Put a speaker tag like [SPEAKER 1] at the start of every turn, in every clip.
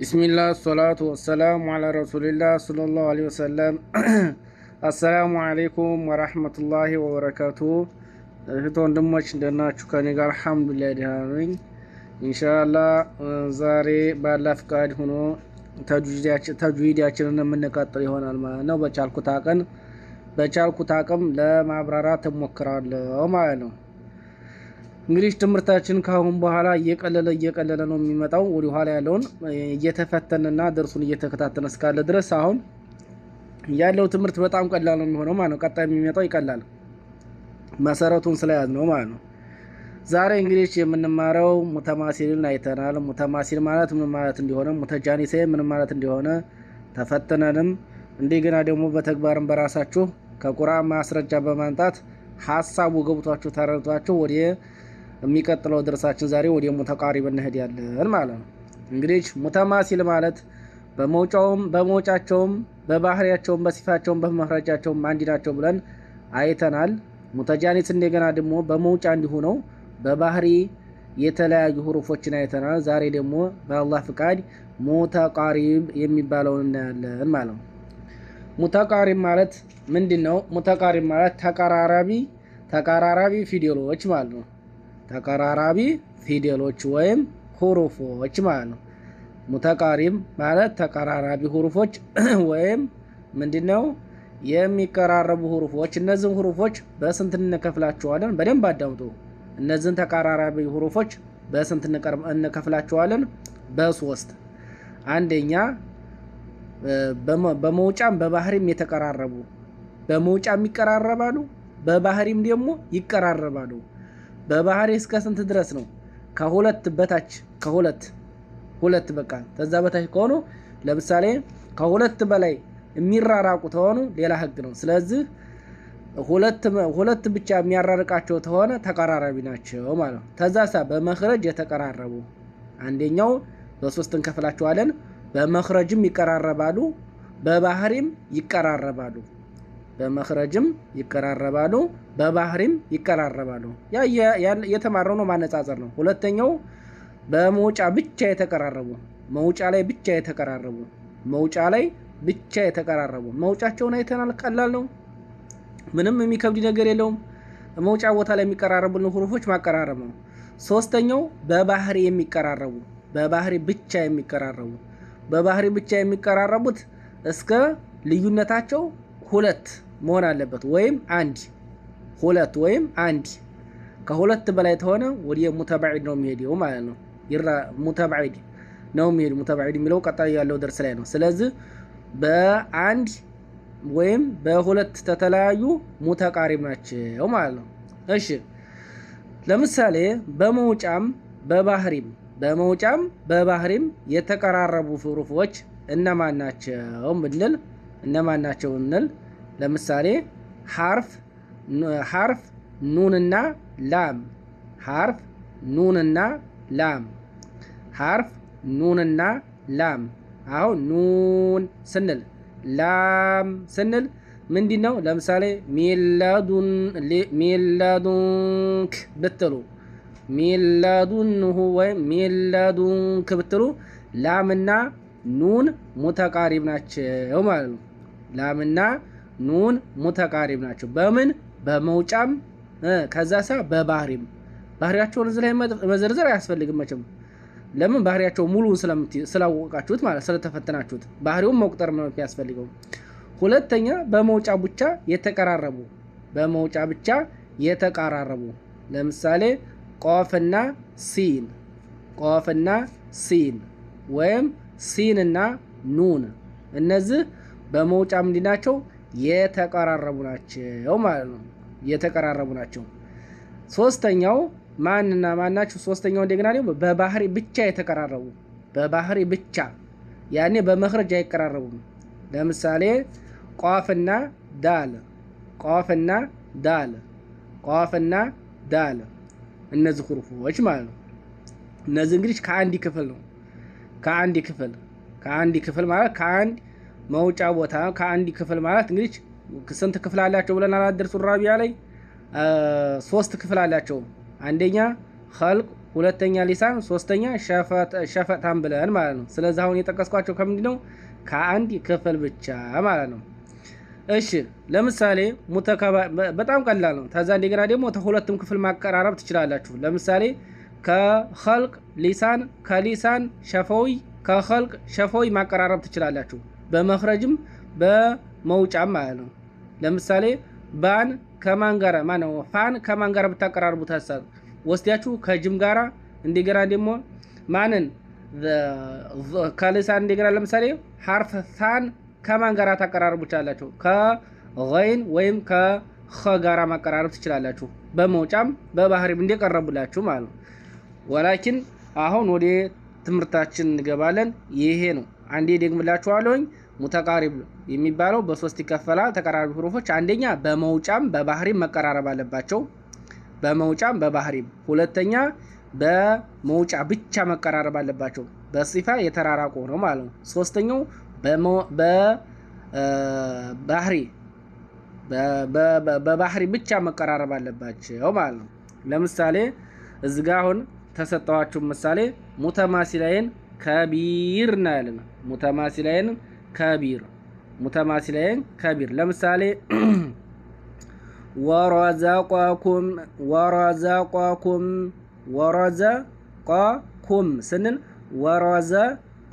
[SPEAKER 1] ቢስሚላህ አሶላቱ ወሰላሙ አላ ረሱሊላህ ሰለላሁ አለይሂ ወሰለም። አሰላሙ አለይኩም ወራህመቱላሂ ወበረካቱ። እህት ወንድሞች እንደናችሁ? ከኔ ጋር አልሐምዱሊላህ ደህና ነኝ። ኢንሻአላህ ዛሬ ባላ ፍቃድ ሆኖ ተጅዊዳችንን የምንቀጥል ይሆናል ማለት ነው። በቻልኩት አቅም በቻልኩት አቅም ለማብራራት እሞክራለሁ ማለት ነው። እንግዲህ ትምህርታችን ከአሁን በኋላ እየቀለለ እየቀለለ ነው የሚመጣው። ወደ ኋላ ያለውን እየተፈተንና ደርሱን እየተከታተን እስካለ ድረስ አሁን ያለው ትምህርት በጣም ቀላል ነው የሚሆነው ማለት ነው። ቀጣይ የሚመጣው ይቀላል መሰረቱን ስለያዝ ነው ማለት ነው። ዛሬ እንግዲህ የምንማረው ሙተማሲልን አይተናል። ሙተማሲል ማለት ምን ማለት እንዲሆነ፣ ሙተጃኒሰ ምን ማለት እንዲሆነ ተፈትነንም እንደገና ደግሞ በተግባርም በራሳችሁ ከቁርአን ማስረጃ በማንጣት ሀሳቡ ገብቷችሁ ተረድቷችሁ ወደ የሚቀጥለው ድርሳችን ዛሬ ወደ ሙተቃሪብ ያለን ማለት ነው። እንግዲህ ሙተማሲል ማለት በመውጫውም በመውጫቸውም በባህሪያቸውም በሲፋቸውም በመፍረጃቸውም አንድ ናቸው ብለን አይተናል። ሙተጃኒስ እንደገና ደግሞ በመውጫ እንዲሆነው በባህሪ የተለያዩ ሁሩፎችን አይተናል። ዛሬ ደግሞ በአላህ ፍቃድ ሙተቃሪብ የሚባለውን እናያለን ማለት ነው። ሙተቃሪብ ማለት ምንድን ነው? ሙተቃሪብ ማለት ተቀራራቢ ተቀራራቢ ፊደሎች ማለት ነው። ተቀራራቢ ፊደሎች ወይም ሁሩፎች ማለት ነው። ሙተቃሪም ማለት ተቀራራቢ ሁሩፎች ወይም ምንድነው የሚቀራረቡ ሁሩፎች። እነዚህን ሁሩፎች በስንት እንከፍላቸዋለን? በደንብ አዳምጡ። እነዚህን ተቀራራቢ ሁሩፎች በስንት እንከፍላቸዋለን? በሶስት አንደኛ በመውጫም በባህሪም የተቀራረቡ በመውጫም ይቀራረባሉ፣ በባህሪም ደግሞ ይቀራረባሉ። በባህሪ እስከ ስንት ድረስ ነው? ከሁለት በታች ከሁለት ሁለት በቃ ከዛ በታች ከሆኑ ለምሳሌ ከሁለት በላይ የሚራራቁ ተሆኑ ሌላ ህግ ነው። ስለዚህ ሁለት ሁለት ብቻ የሚያራርቃቸው ተሆነ ተቀራራቢ ናቸው ማለት ነው። ተዛሳ በመክረጅ የተቀራረቡ አንደኛው በሶስት እንከፍላቸዋለን። በመክረጅም ይቀራረባሉ፣ በባህሪም ይቀራረባሉ። በመክረጅም ይቀራረባሉ፣ በባህሪም ይቀራረባሉ። ያ የተማረው ነው፣ ማነጻጸር ነው። ሁለተኛው በመውጫ ብቻ የተቀራረቡ መውጫ ላይ ብቻ የተቀራረቡ መውጫ ላይ ብቻ የተቀራረቡ መውጫቸውን አይተናል። ቀላል ነው፣ ምንም የሚከብድ ነገር የለውም። መውጫ ቦታ ላይ የሚቀራረቡልን ሁሩፎች ማቀራረብ ነው። ሶስተኛው በባህሪ የሚቀራረቡ በባህሪ ብቻ የሚቀራረቡ በባህሪ ብቻ የሚቀራረቡት እስከ ልዩነታቸው ሁለት መሆን አለበት። ወይም አንድ ሁለት ወይም አንድ ከሁለት በላይ ተሆነ ወደ ሙተባዒድ ነው የሚሄደው ማለት ነው። ይራ ሙተባዒድ ነው የሚሄድ ሙተባዒድ የሚለው ቀጣይ ያለው ደርስ ላይ ነው። ስለዚህ በአንድ ወይም በሁለት ተተለያዩ ሙተቃሪብ ናቸው ማለት ነው። እሺ ለምሳሌ በመውጫም በባህሪም በመውጫም በባህሪም የተቀራረቡ ሑሩፎች እነማን ናቸው ብንል እነማን ናቸው ብንል ለምሳሌ ሐርፍ ሐርፍ ኑንና ላም ሐርፍ ኑንና ላም ሐርፍ ኑንና ላም አሁን ኑን ስንል ላም ስንል ምንድን ነው? ለምሳሌ ሚላዱንክ ብትሉ ሚላዱንሁ ወይም ሚላዱንክ ብትሉ ላምና ኑን ሙተቃሪብ ናቸው ማለት ነው። ላምና ኑን ሙተቃሪብ ናቸው። በምን በመውጫም ከዛ ሳ በባህሪም ባህሪያቸውን እዚህ ላይ መዘርዘር አያስፈልግም መቼም። ለምን ባህሪያቸው ሙሉ ስላወቃችሁት ማለት ስለተፈተናችሁት ባህሪውን መቁጠር ነው ሁለተኛ በመውጫ ብቻ የተቀራረቡ በመውጫ ብቻ የተቀራረቡ ለምሳሌ ቆፍና ሲን ቆፍና ሲን ወይም ሲንና ኑን እነዚህ በመውጫ ምንድናቸው? የተቀራረቡ ናቸው ማለት ነው። የተቀራረቡ ናቸው። ሶስተኛው ማንና ማን ናቸው? ሶስተኛው እንደገና ደግሞ በባህሪ ብቻ የተቀራረቡ በባህሪ ብቻ ያኔ በመኸረጅ አይቀራረቡም። ለምሳሌ ቋፍና ዳል ቋፍና ዳል ቋፍና ዳል እነዚህ ሁሩፎች ማለት ነው። እነዚህ እንግዲህ ከአንድ ክፍል ነው። ከአንድ ክፍል ከአንድ ክፍል ማለት ከአንድ መውጫ ቦታ ከአንድ ክፍል ማለት እንግዲህ ስንት ክፍል አላቸው ብለን አላደር ሱራቢያ ላይ ሶስት ክፍል አላቸው። አንደኛ ኸልቅ፣ ሁለተኛ ሊሳን፣ ሶስተኛ ሸፈታን ብለን ማለት ነው። ስለዚህ አሁን የጠቀስኳቸው ከምንድ ነው? ከአንድ ክፍል ብቻ ማለት ነው። እሺ ለምሳሌ በጣም ቀላል ነው። ከዛ እንደገና ደግሞ ተሁለትም ክፍል ማቀራረብ ትችላላችሁ። ለምሳሌ ከኸልቅ ሊሳን፣ ከሊሳን ሸፈዊ፣ ከኸልቅ ሸፈዊ ማቀራረብ ትችላላችሁ። በመክረጅም በመውጫም ማለት ነው። ለምሳሌ ባን ከማን ጋራ ማነው ፋን ከማን ጋራ ብታቀራርቡት ሀሳብ ወስዳችሁ ከጅም ጋራ እንደገና ደግሞ ማንን ከልሳን እንደገና ለምሳሌ ሀርፍ ፋን ከማን ጋራ ታቀራርቡ ትችላላችሁ። ከይን ወይም ከኸ ጋራ ማቀራረብ ትችላላችሁ። በመውጫም በባህሪም እንደቀረቡላችሁ ማለት ነው። ወላኪን አሁን ወደ ትምህርታችን እንገባለን። ይሄ ነው አንዴ ደግምላችኋለሁኝ። ሙተቃሪብ የሚባለው በሶስት ይከፈላል። ተቀራራቢ ሁሩፎች አንደኛ በመውጫም በባህሪም መቀራረብ አለባቸው። በመውጫም በባህሪም ሁለተኛ በመውጫ ብቻ መቀራረብ አለባቸው። በሲፋ የተራራቁ ነው ማለት ነው። ሶስተኛው በባህሪ በባህሪ ብቻ መቀራረብ አለባቸው ማለት ነው። ለምሳሌ እዚጋ አሁን ተሰጠዋችሁ ምሳሌ ሙተማሲላይን ከቢር ነው ሙተማሲላይን ከቢር ሙተማሲላይን ከቢር። ለምሳሌ ወረዛቋኩም ወረዛቋኩም ወረዛቋኩም ስንል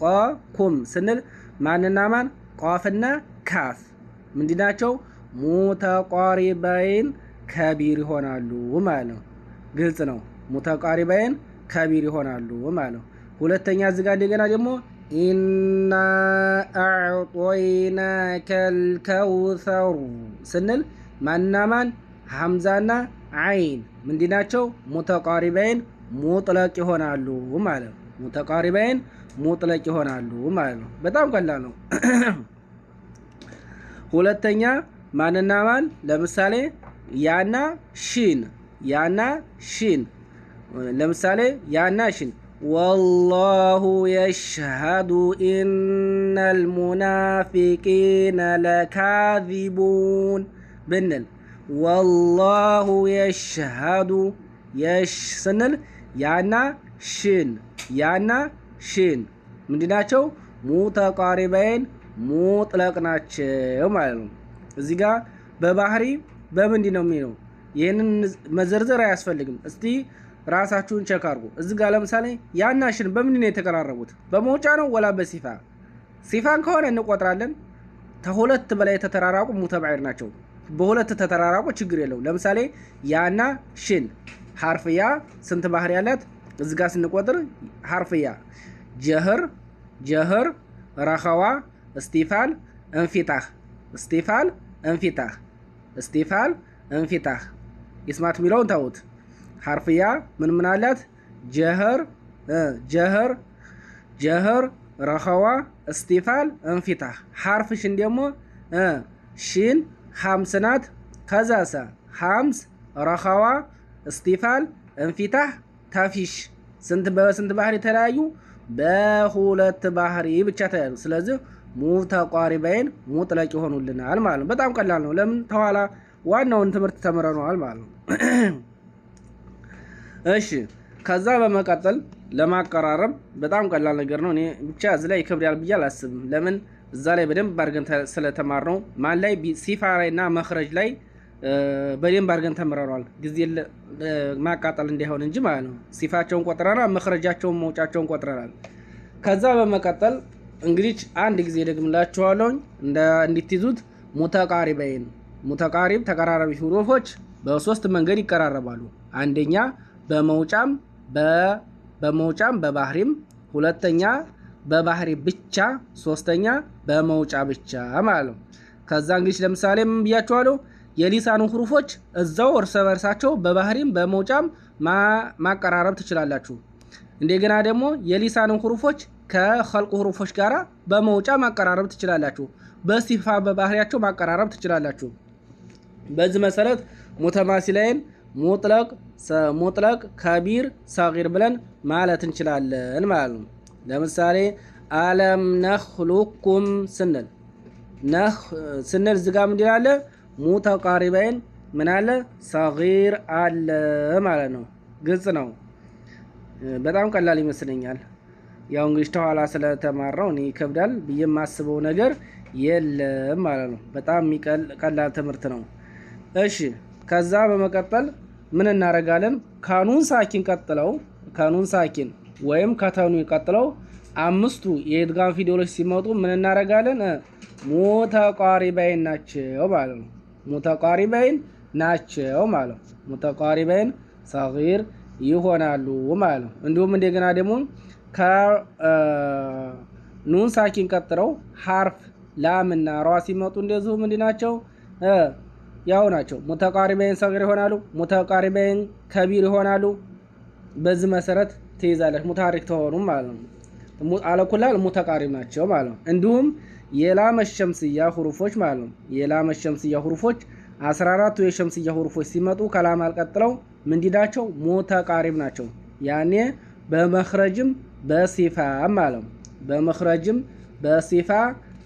[SPEAKER 1] ቋኩም ስንል ማንና ማን ቋፍና ካፍ ምንድናቸው? ሙተቋሪባይን ከቢር ይሆናሉ ማለት ነው። ግልጽ ነው። ሙተቋሪበይን ከቢር ይሆናሉ ማለት ነው። ሁለተኛ እዚጋ እንደገና ደግሞ ኢና አዕጦይናከ ልከውሰሩ ስንል ማናማን ሐምዛና አይን ምንድ ናቸው? ሙተቃሪበይን ሙጥለቅ ይሆናሉ ማለት ነው። ሙተቃሪበይን ሙጥለቅ ይሆናሉ ማለት ነው። በጣም ቀላል ነው። ሁለተኛ ማንና ማን ለምሳሌ ያና ሺን ያና ሺን ለምሳሌ ያና ሺን والله يشهد إن المنافقين لكاذبون بنل والله يشهد يش سنل يانا شين يانا شين ምንድን ናቸው? ሙተቃሪበይን ሙጥለቅ ናቸው ማለት ነው። እዚህ ጋር በባህሪ በምንድን ነው የሚለው? ይህንን መዘርዘር አያስፈልግም። እስቲ ራሳችሁን ቸክ አድርጉ። እዚህ ጋር ለምሳሌ ያናሽን በምንድን ነው የተቀራረቡት? በመውጫ ነው ወላ በሲፋ ሲፋን ከሆነ እንቆጥራለን። ከሁለት በላይ የተተራራቁ ሙተባዒር ናቸው። በሁለት ተተራራቁ ችግር የለው። ለምሳሌ ያና ሽን ሀርፍያ ስንት ባህር ያላት? እዚ ጋር ስንቆጥር ሀርፍያ ጀህር፣ ጀህር፣ ረኸዋ፣ እስቲፋል፣ እንፊታህ፣ እስቲፋል፣ እንፊታህ፣ እስቲፋል፣ እንፊታህ። ይስማት የሚለውን ታውት ሐርፍያ ምን ምን አላት? ጀህር ጀህር ጀህር ረኸዋ እስቲፋል እንፊታህ። ሐርፍሽን ደግሞ ሽን ሐምስ ናት። ከዛሰ ሐምስ ረኸዋ እስቲፋል እንፊታህ ተፊሽ ስንት በስንት ባህር የተለያዩ በሁለት ባህሪ ብቻ ተያዩ። ስለዚህ ሙተቋሪበይን ሙጥለቅ ይሆኑልናል ማለት ነው። በጣም ቀላል ነው። ለምን ተኋላ ዋናውን ትምህርት ተምረነዋል ማለት ነው። እሺ ከዛ በመቀጠል ለማቀራረብ በጣም ቀላል ነገር ነው። እኔ ብቻ እዚ ላይ ይከብዳል ብዬ አላስብም። ለምን እዛ ላይ በደንብ አድርገን ስለተማር ነው። ማን ላይ ሲፋ እና መክረጅ ላይ በደንብ አድርገን ተምረሯል። ጊዜ ማቃጠል እንዳይሆን እንጂ ማለት ነው። ሲፋቸውን ቆጥረናል፣ መክረጃቸውን መውጫቸውን ቆጥረናል። ከዛ በመቀጠል እንግዲህ አንድ ጊዜ ደግምላችኋለሁኝ እንድትይዙት። ሙተቃሪበይን ሙተቃሪብ ተቀራራቢ ሁሩፎች በሶስት መንገድ ይቀራረባሉ። አንደኛ በመውጫም በመውጫም በባህሪም ሁለተኛ በባህሪ ብቻ ሶስተኛ በመውጫ ብቻ ማለት ነው። ከዛ እንግዲህ ለምሳሌ ምን ብያቸዋለሁ? የሊሳኑ ሁሩፎች እዛው እርሰ በርሳቸው በባህሪም በመውጫም ማቀራረብ ትችላላችሁ። እንደገና ደግሞ የሊሳኑ ሁሩፎች ከኸልቁ ሁሩፎች ጋር በመውጫ ማቀራረብ ትችላላችሁ። በሲፋ በባህሪያቸው ማቀራረብ ትችላላችሁ። በዚህ መሰረት ሙተማሲላይን ሙጥለቅ፣ ሙጥለቅ፣ ከቢር፣ ሰጊር ብለን ማለት እንችላለን ማለት ነው። ለምሳሌ አለም ነኽሉኩም ስንል ስንል ዝጋ ምንድን አለ ሙተቃሪበይን ምን አለ ሰጊር አለ ማለት ነው። ግልጽ ነው። በጣም ቀላል ይመስለኛል። ያው እንግዲህ ተኋላ ስለተማራው እኔ ይከብዳል ብዬ የማስበው ነገር የለም ማለት ነው። በጣም ቀላል ትምህርት ነው። እሺ ከዛ በመቀጠል ምን እናደረጋለን ካኑን ሳኪን ቀጥለው ካኑን ሳኪን ወይም ከተኑ ቀጥለው አምስቱ የኢድጋም ፊደሎች ሲመጡ ምን እናደርጋለን? ሙተቃሪበይን ናቸው ማለት ነው። ሙተቃሪበይን ናቸው ማለት ነው። ሙተቃሪበይን ሰጊር ይሆናሉ ማለት ነው። እንዲሁም እንደገና ደግሞ ከኑን ሳኪን ቀጥለው ሀርፍ ላምና ሯ ሲመጡ እንደዚሁ ናቸው? ያው ናቸው። ሙተቃሪበይን ሰግር ይሆናሉ፣ ሙተቃሪበይን ከቢር ይሆናሉ። በዚህ መሰረት ትይዛለች ሙታሪክ ተሆኑ ማለት ነው። አለኩላል ሙተቃሪብ ናቸው ማለት ነው። እንዲሁም የላም ሸምስያ ሁሩፎች ማለት ነው። የላም ሸምስያ ሁሩፎች 14ቱ የሸምስያ ሁሩፎች ሲመጡ ከላም አልቀጥለው ምንዲዳቸው ሙተቃሪብ ናቸው። ያኔ በመክረጅም በሲፋ ማለት ነው። በመክረጅም በሲፋ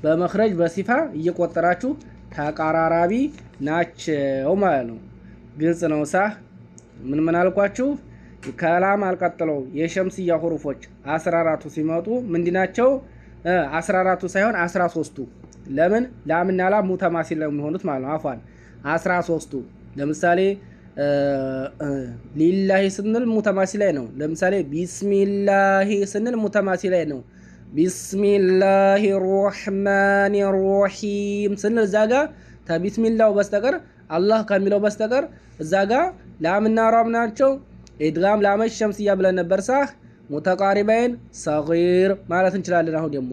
[SPEAKER 1] በመክረጅ በሲፋ እየቆጠራችሁ ተቀራራቢ ናቸው ማለት ነው። ግልጽ ነው። ሳ ምን ምን አልኳችሁ? ከላም አልቀጥለው የሸምስያ ሁሩፎች 14ቱ ሲመጡ ምንድ ናቸው? 14ቱ ሳይሆን 13ቱ። ለምን ላምና ላም ሙተማሲል ነው የሚሆኑት ማለት ነው። አፏን 13ቱ ለምሳሌ ሊላሂ ስንል ሙተማሲ ላይ ነው። ለምሳሌ ቢስሚላሂ ስንል ሙተማሲ ላይ ነው። ቢስሚላሂ ራሕማን ራሒም ስንል እዛ ጋ ከቢስሚላው በስተቀር አላህ ከሚለው በስተቀር እዛ ጋ ላምና ራም ናቸው። ኢድጋም ላመች ሸምስያ ብለን ነበር ሳ ሙተቃሪበይን ሰጊር ማለት እንችላለን። አሁን ደግሞ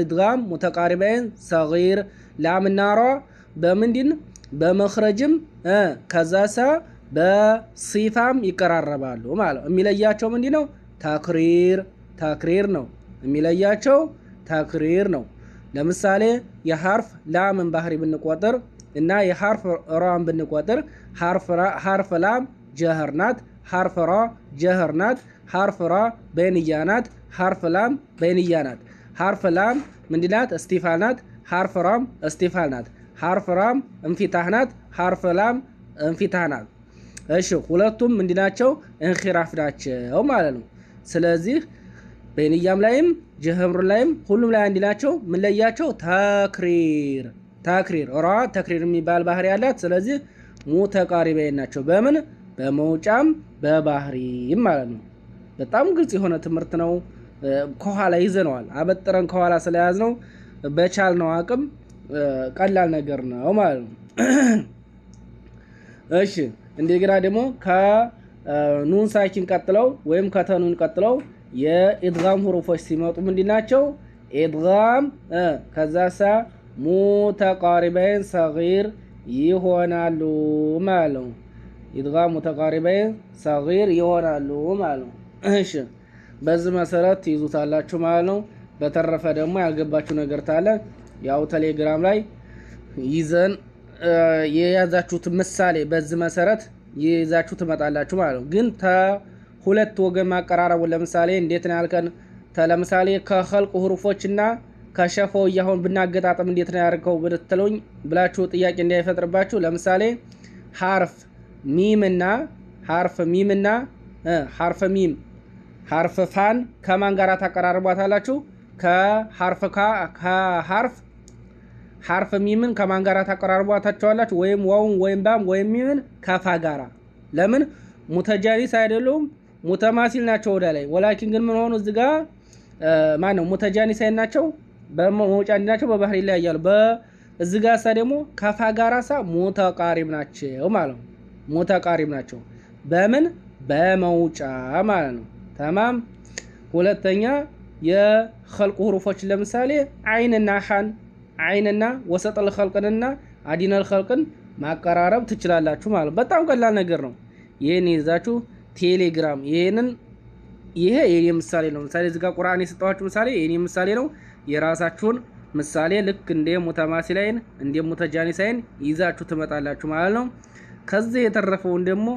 [SPEAKER 1] ኢድጋም ሙተቃሪበይን ሰጊር ላምና ራ በምንድን በመክረጅም ከዛ በሲፋም ይቀራረባሉ። ማለት የሚለያቸው ምንድ ነው? ተክሪር ታክሪር ነው። የሚለያቸው ታክሪር ነው። ለምሳሌ የሐርፍ ላምን ባህሪ ብንቆጥር እና የሐርፍ ራን ብንቆጥር ሐርፍ ላም ጀህር ናት። ሐርፍ ራ ጀህር ናት። ሐርፍ ራ በይንያ ናት። ሐርፍ ላም በይንያ ናት። ሐርፍ ላም ምንድናት? እስቲፋል ናት። ሐርፍ ራም እስቲፋል ናት። ሐርፍ ራም እንፊታህ ናት። ሐርፍ ላም እንፊታህ ናት። እሺ ሁለቱም ምንድናቸው? እንኪራፍ ናቸው ማለት ነው። ስለዚህ በንያም ላይም ጀህምሩ ላይም ሁሉም ላይ አንድ ናቸው። ምን ለያቸው? ተክሪር ተክሪር ራ ተክሪር የሚባል ባህሪ ያላት። ስለዚህ ሙተቃሪበይን ናቸው። በምን በመውጫም በባህሪም ማለት ነው። በጣም ግልጽ የሆነ ትምህርት ነው። ከኋላ ይዘነዋል። አበጥረን ከኋላ ስለያዝ ነው በቻልነው አቅም ቀላል ነገር ነው ማለት ነው። እሺ እንደገና ደግሞ ከኑን ሳኪን ቀጥለው ወይም ከተኑን ቀጥለው የኢድጋም ሁሩፎች ሲመጡ ምንድን ናቸው? ኢድጋም ከዛሳ ሙተቃሪበይን ሰጊር ይሆናሉ ማለት ነው። ኢድጋም ሙተቃሪበይን ሰጊር ይሆናሉ ማለት ነው። እሺ በዚህ መሰረት ትይዙታላችሁ ማለት ነው። በተረፈ ደግሞ ያልገባችሁ ነገር ታለ ያው ቴሌግራም ላይ ይዘን የያዛችሁት ምሳሌ በዚህ መሰረት ይዛችሁ ትመጣላችሁ ማለት ነው ግን ሁለት ወገን ማቀራረቡ ለምሳሌ እንዴት ነው ያልከን? ለምሳሌ ከኸልቅ ሁሩፎችና ከሸፎ እያሁን ብናገጣጥም እንዴት ነው ያደርገው ብትሉኝ ብላችሁ ጥያቄ እንዳይፈጥርባችሁ ለምሳሌ ሀርፍ ሚምና ሀርፍ ሚምና ሀርፍ ሚም ሀርፍ ፋን ከማን ጋር ታቀራርቧታላችሁ? ከሀርፍ ከሀርፍ ሀርፍ ሚምን ከማን ጋር ታቀራርቧታቸዋላችሁ? ወይም ዋውን ወይም ባም ወይም ሚምን ከፋ ጋራ። ለምን ሙተጃኒስ አይደሉም ሙተማሲል ናቸው ወደ ላይ ወላኪን ግን ምን ሆኑ እዚህ ጋ ማን ነው ሙተጃኒሳይ ናቸው በመውጫ ናቸው በባህሪ ላይ ያያሉ በእዚህ ጋ ሳ ደግሞ ከፋ ጋራ ሳ ሙተቃሪብ ናቸው ማለት ነው። ሙተቃሪብ ናቸው በምን በመውጫ ማለት ነው። ተማም ሁለተኛ የኸልቁ ሁሩፎች ለምሳሌ አይንና ሐን አይንና ወሰጠል ኸልቅንና አዲነል ኸልቅን ማቀራረብ ትችላላችሁ ማለት በጣም ቀላል ነገር ነው። ይህን ይዛችሁ ቴሌግራም ይህንን ይሄ የኔ ምሳሌ ነው። ምሳሌ እዚጋ ቁርአን የሰጠኋችሁ ምሳሌ የኔ ምሳሌ ነው። የራሳችሁን ምሳሌ ልክ እንደ ላይን እንደ ሳይን ይዛችሁ ትመጣላችሁ ማለት ነው። ከዚህ የተረፈውን ደግሞ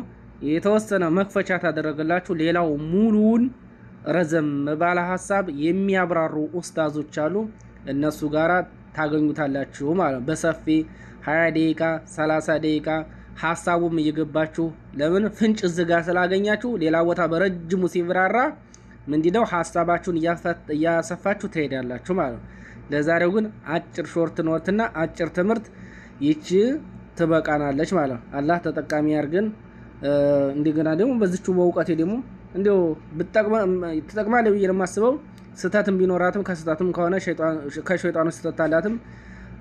[SPEAKER 1] የተወሰነ መክፈቻ ታደረገላችሁ። ሌላው ሙሉውን ረዘም ባለ ሀሳብ የሚያብራሩ ኡስታዞች አሉ። እነሱ ጋራ ታገኙታላችሁ ማለት ነው። በሰፊ 20 ደቂቃ 30 ደቂቃ ሀሳቡም እየገባችሁ ለምን ፍንጭ ዝጋ ስላገኛችሁ ሌላ ቦታ በረጅሙ ሲብራራ ምንድነው ሀሳባችሁን እያሰፋችሁ ትሄዳላችሁ ማለት ነው። ለዛሬው ግን አጭር ሾርት ኖትና አጭር ትምህርት ይቺ ትበቃናለች ማለት ነው። አላህ ተጠቃሚ ያርግን። እንደገና ደግሞ በዚቹ በእውቀቴ ደግሞ እንዲያው ትጠቅማለህ ብዬ የማስበው። ስህተትም ቢኖራትም ከስህተትም ከሆነ ከሸይጣኑ ስህተት አላትም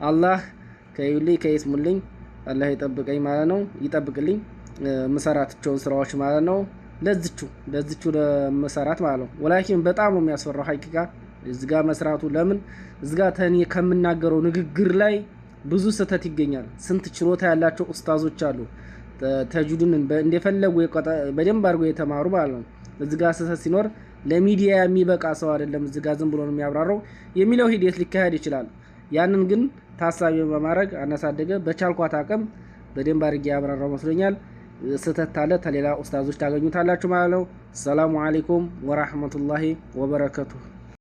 [SPEAKER 1] አላህ ከዩልኝ ከይስሙልኝ አላህ ይጠብቀኝ ማለት ነው። ይጠብቅልኝ ምሰራትቸውን ስራዎች ማለት ነው። ለዝቹ ለዝቹ ለመሰራት ማለት ነው። ወላኪን በጣም ነው የሚያስፈራው ሀቂቃ እዚጋ መስራቱ ለምን እዚጋ ተኔ ከምናገረው ንግግር ላይ ብዙ ስህተት ይገኛል። ስንት ችሎታ ያላቸው ኡስታዞች አሉ። ተጁድን እንደፈለጉ በደንብ አድርጎ የተማሩ ማለት ነው። እዚጋ ስህተት ሲኖር ለሚዲያ የሚበቃ ሰው አይደለም። እዚጋ ዝም ብሎ ነው የሚለው ሂደት ሊካሄድ ይችላል። ያንን ግን ታሳቢ በማድረግ አነሳደገ በቻልኳት አቅም በደንብ አድርጌ ያብራራው መስሎኛል። ስህተት ታለ ተሌላ ኡስታዞች ታገኙታላችሁ ማለት ነው። ሰላሙ አሌይኩም ወራህመቱላሂ ወበረከቱ